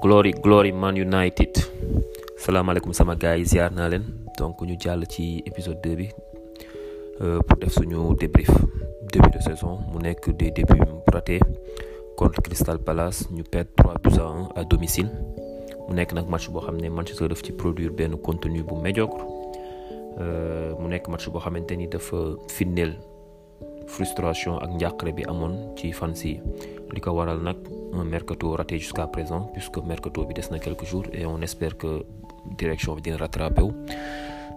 glory glory man united salaamaaleykum sama gars yi ziar naa leen donc ñu jàll ci épisode 2 bi euh, pour def suñu débrief début de saison mu nekk des débuts ratés contre Crystal Palace ñu perdre 3 buts à 1 à domicile mu nekk nag match boo xam ne Manchester def ci produire benn contenu bu médiocre euh, mu nekk match boo xamante ni dafa firndeel frustration ak njàqare bi amoon ci fans yi li ko waral nag un mercato raté jusqu'à présent puisque mercato bi des na quelques jours et on espère que direction bi dina rattrapé wu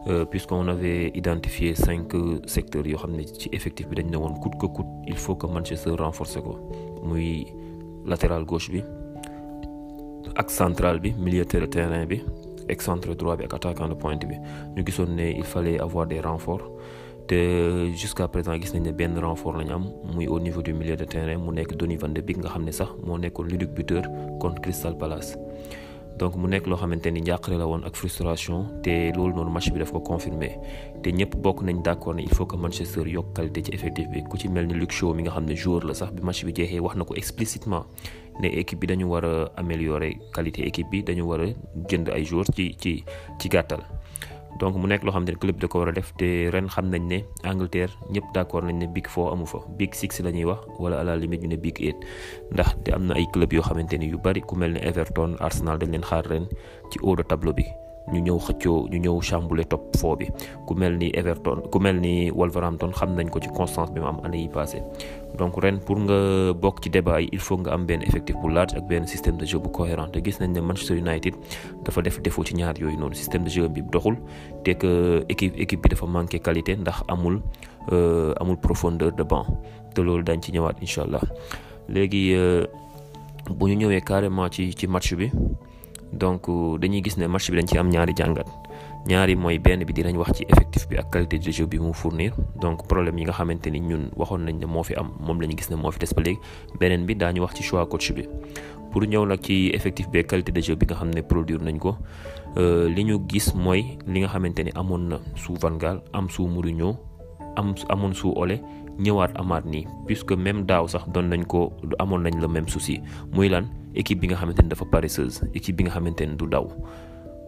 Euh, puisqu'on avait cinq secteurs yoo xam ne ci effectif bi dañ ne woon coûte que coûte il faut que Manchester renforce ko muy latéral gauche bi ak central bi milieu de terrain bi excentre droit bi ak attaquant de pointe bi ñu gisoon ne il fallait avoir des renforts te jusqu'à présent gis nañ ne benn renfort lañu am muy au niveau du milieu de terrain mu nekk Donny van de Beek nga xam ne sax moo nekkoon l'unique buteur contre Crystal Palace. donc mu nekk loo xamante ni njàqare la woon ak frustration te loolu noonu match bi daf ko confirmer te ñëpp bokk nañ d'accord ne il faut que Manchester yokk qualité ci effectif bi ku ci mel ni Luke Shaw mi nga xam ne joueur la sax bi match bi jeexee wax na ko explicitement ne équipe bi dañu war a améliorer qualité équipe bi dañu war a jënd ay joueurs ci ci ci gàttal. donc mu nekk loo xam ne club da ko war a def te ren xam nañ ne Angleterre ñëpp d' accord nañ ne big foo amu fa big six la ñuy wax wala à la limite ne big eight ndax te am na ay club yoo xamante ni yu bari ku mel ni Everton Arsenal dañ leen xaar ren ci haut de tableau bi. ñu ñëw xëccoo ñu ñëw chamboulé top foo bi ku mel ni Everton ku mel ni Wolverhampton xam nañ ko ci constance bi mu am année yi passé donc ren pour nga bokk ci débat yi il faut nga am benn effectif bu large ak benn système de jeu bu cohérent te gis nañ ne Manchester dafa def défaut ci ñaar yooyu noonu système de jeu bi doxul te que équipe équipe bi dafa manqué qualité ndax amul euh, amul profondeur de banc te loolu dañ ci ñëwaat incha allah léegi euh, bu ñu ñëwee carrément ci ci match bi. donc euh, dañuy gis ne match bi dañ ci am ñaari jàngat ñaari mooy benn bi dinañ wax ci effectif bi ak qualité de jeu bi mu fournir donc problème yi nga xamante ni ñun waxoon nañ ne moo fi am moom la ñu gis ne moo fi des ba léegi beneen bi daañu wax ci choix coach bi pour ñëw nag ci effectif bi ak qualité de jeu bi nga xam ne produire nañ ko euh, li ñu gis mooy li nga xamante ni amoon na sous Van Gaal am sous Mourinho am amoon su Ole ñëwaat amaat nii puisque même daaw sax doon nañ ko du amoon nañ le même souci muy lan équipe bi nga xamante ni dafa paresseuse équipe bi nga xamante ni du daw.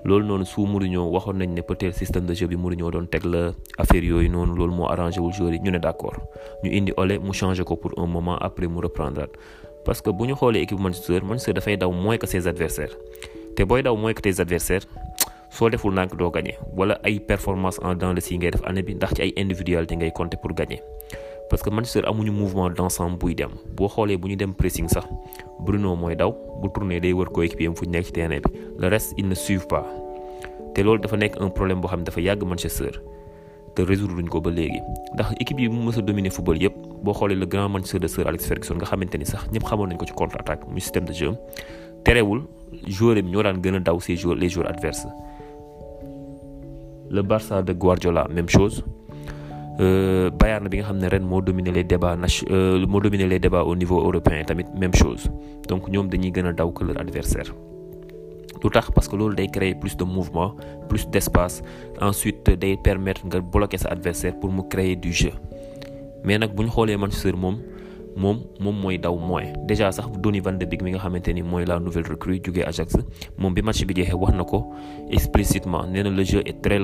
loolu noonu su Mourinho waxoon nañ ne peut-être système de jeu bi Mourinho doon teg la affaire yooyu noonu loolu moo arrangé wul ñu ne d'accord ñu indi Ole mu changé ko pour un moment après mu reprendre parce que bu ñu xoolee équipe Manchester Manchester dafay daw moins que ses adversaires te booy daw moins que tes adversaires soo deful nànk doo gagné wala ay performance en dans si ngay def bi ndax ci ay ngay compter pour gagner parce que Manchester amuñu mouvement d'ensemble buy dem boo xoolee bu ñu dem pressing sax Bruno mooy daw bu tourné day wër coéquipier am fu ñu nekk ci terrain bi le reste ils ne suivent pas te loolu dafa nekk un problème boo xam ne dafa yàgg Manchester te résoudre luñ ko ba léegi ndax équipe yi mu mës a football yëpp boo xoolee le grand Manchester de Sir Alex Ferguson nga xamante ni sax ñëpp xamoon nañ ko ci contre attaque muy système de jeu terewul joueur bi ñoo daan gën a daw ces même chose. Euh, Bayern bi nga xam ne ren moo dominé les débats nation euh, moo dominé les débats au niveau européen tamit même chose donc ñoom dañuy gën a daw que leur adversaire lu tax parce que loolu day créer plus de mouvement plus d'espace ensuite day permettre nga bloquer sa adversaire pour mu créer du jeu mais nag bu ñu xoolee Manchester moom moom moom mooy daw moins déjà sax Donny van de Beek mi nga xamante ni mooy la nouvelle recrue jógee Ajax moom bi match bi jeexee wax na ko explicitement nee na le jeu est très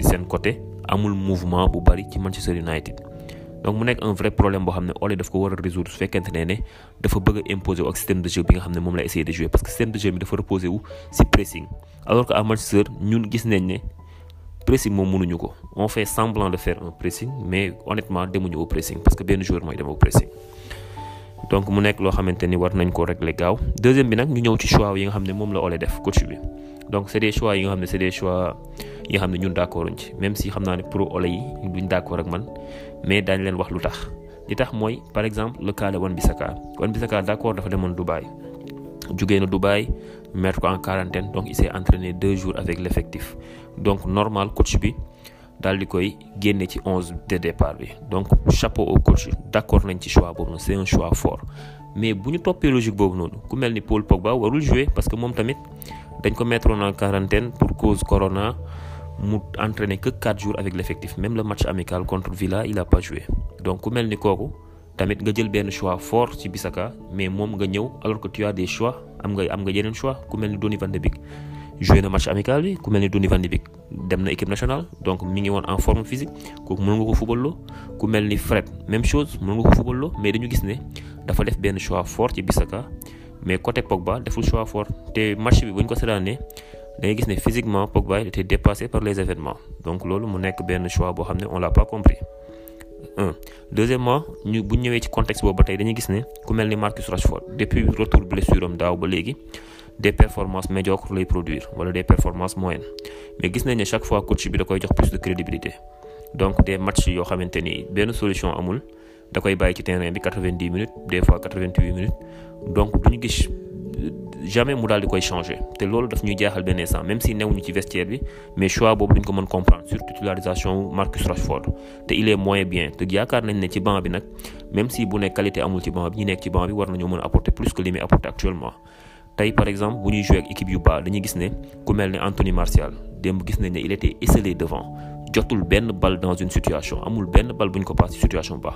seen côté. amul mouvement bu bari ci Manchester United donc mu nekk un vrai problème boo xam ne Ole daf ko war a résoudre a imposer wu ak système gis nañ ne pressing moom mënuñu ko on fait semblant de faire un pressing mais honnêtement demuñu au pressing parce que benn joueur mooy mu nekk loo xamante ni war nañ ko régler gaaw deuxième bi nag ñu ñëw ci choix yi nga xam ne moom la Ole def coach bi. donc c'est des choix yi nga xam ne c'est des choix yi nga xam ne ñun d'accorduñ ci même si xam naa ne pro Olé yi duñ d'accord ak man mais daañ leen wax lu tax li tax mooy par exemple le cas de Wan-Bissaka Wan-Bissaka d'accord dafa demoon Dubaï jugee na Dubaï mettre ko en quarantaine donc il s'est entraîné deux jours avec l'effectif donc normal coach bi dal di koy génne ci onze de départ bi donc chapeau au coach d'accord nañ ci choix boobu noonu c'est un choix fort mais bu ñu toppee logique boobu noonu tamit dañ ko mettre en quarantaine pour cause corona mu entraîné que 4 jours avec l'effectif même le match amical contre Villa il a pas joué donc ku mel ni kooku tamit nga jël benn choix fort ci Bissaka mais moom nga ñëw alors que tu as des choix am nga am nga yeneen choix ku mel ni doni van de Beek joué na match amical bi ku mel ni Donny van de Beek dem na équipe nationale donc mi ngi woon en form physique kooku mën nga ko footballoo ku mel ni Fred même chose mën nga ko footballoo mais dañu gis ne dafa def benn choix fort ci Bissaka mais côté Pogba deful choix fort te match bi bu ñu ko seetaanee da gis ne physiquement Pogba il était dépassé par les événements donc loolu mu nekk benn choix boo xam ne on l'a pas compris un deuxièmement ñu bu ñëwee ci context boobu ba tey dañuy gis ne ku mel ni Marcus Rashford depuis retour blessure am daaw ba léegi des performances médiocres lay produire wala des performances moyennes mais gis nañ ne chaque fois coach bi da koy jox plus de crédibilité donc des matchs yoo xamante ni benn solution amul. da koy bàyyi ci terrain bi 90 minutes des fois 88 minutes donc duñu gis euh, jamais mu daal di koy changer te loolu daf ñuy jaaxal benn instant même si newuñu ci vestiaire bi mais choix boobu duñ ko mën comprendre sur titularisation Marcus Rashford te il est moyen bien te yaakaar nañ ne ci banc bi nag même si bu nekk qualité amul ci banc bi ñu nekk ci banc bi war nañoo mën a apporter plus que li muy apporter actuellement. tey par exemple bu ñuy joué équipe yu baax dañuy ne ku mel ne Anthony Martial démb gis nañ ne il était jotul benn bal dans une situation amul benn bal bu ñu ko paas ci situation bu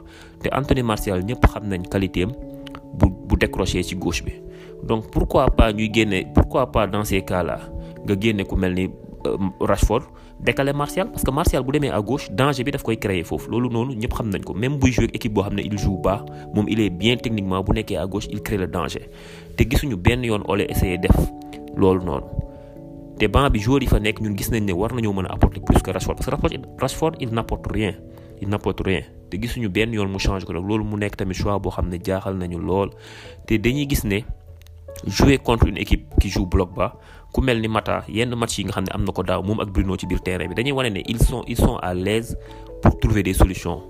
te Anthony Martial ñëpp xam nañ qualité am bu bu décroché ci gauche bi donc pourquoi pas ñuy génne pourquoi pas dans ces cas là nga génne ku mel ni euh, Rashford décaler Martial parce que Martial bu demee à gauche danger bi daf koy créer foofu loolu noonu ñëpp xam nañ ko même buy jouer équipe boo xam ne il joue ba moom il est bien techniquement bu nekkee à gauche il crée le danger te gisuñu benn yoon Ole essayer def loolu noonu. te banc bi joueur yi fa nekk ñun gis nañ ne war nañoo mën a apporter plus que Rashford parce que Rashford il n'apporte rien il n'apporte rien te gisuñu benn yoon mu change ko nag loolu mu nekk tamit choix boo xam ne jaaxal nañu lool te dañuy gis ne jouer contre une équipe qui joue bloc bas ku mel ni Mata yenn match yi nga xam ne am na ko daaw moom ak Bruno ci biir terrain bi dañuy wane ne ils sont ils sont à l'aise pour trouver des solutions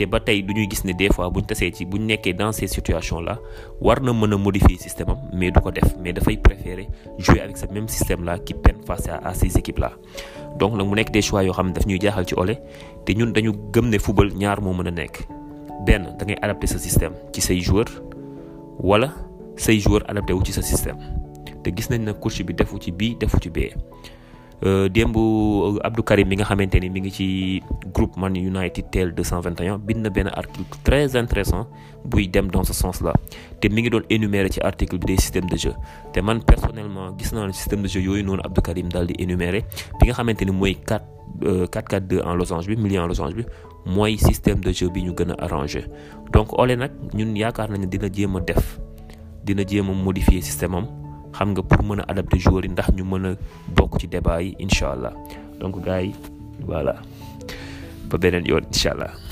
te ba tey du gis ne des fois bu ñu tasee ci bu ñu nekkee dans situation la war na mën a modifier système am mais du ko def mais dafay préférer jouer avec ce même système là qui peine face à ces équipes la donc nag mu nekk des choix yoo xam ne daf ñuy jaaxal ci Ole te ñun dañu gëm ne football ñaar moo mën a nekk benn da ngay adapter sa système ci say joueurs wala say joueurs adapté wu ci sa système te gis nañ na coach bi defu ci bii defu ci bee. Euh, démb euh, Abdou Karim mi nga xamante ni mi ngi ci groupe Man United teel 221 bind na benn article très intéressant buy dem dans ce sens la te mu ngi doon énumérer ci article bi des systèmes de jeu te man personnellement gis naa ne système de jeu yooyu noonu Abdou Karim daal di énumérer bi nga xamante ni mooy 4 4-4-2 euh, en losange bi milieu en losange bi mooy système de jeu bi ñu gën a arrangé donc Ole nag ñun yaakaar nañu dina jéem a def dina jéem a modifier système am xam nga pour mën a adapter joueurs yi ndax ñu mën a bokk ci débat yi incha allah donc gars yi voilà ba beneen yoon incha allah.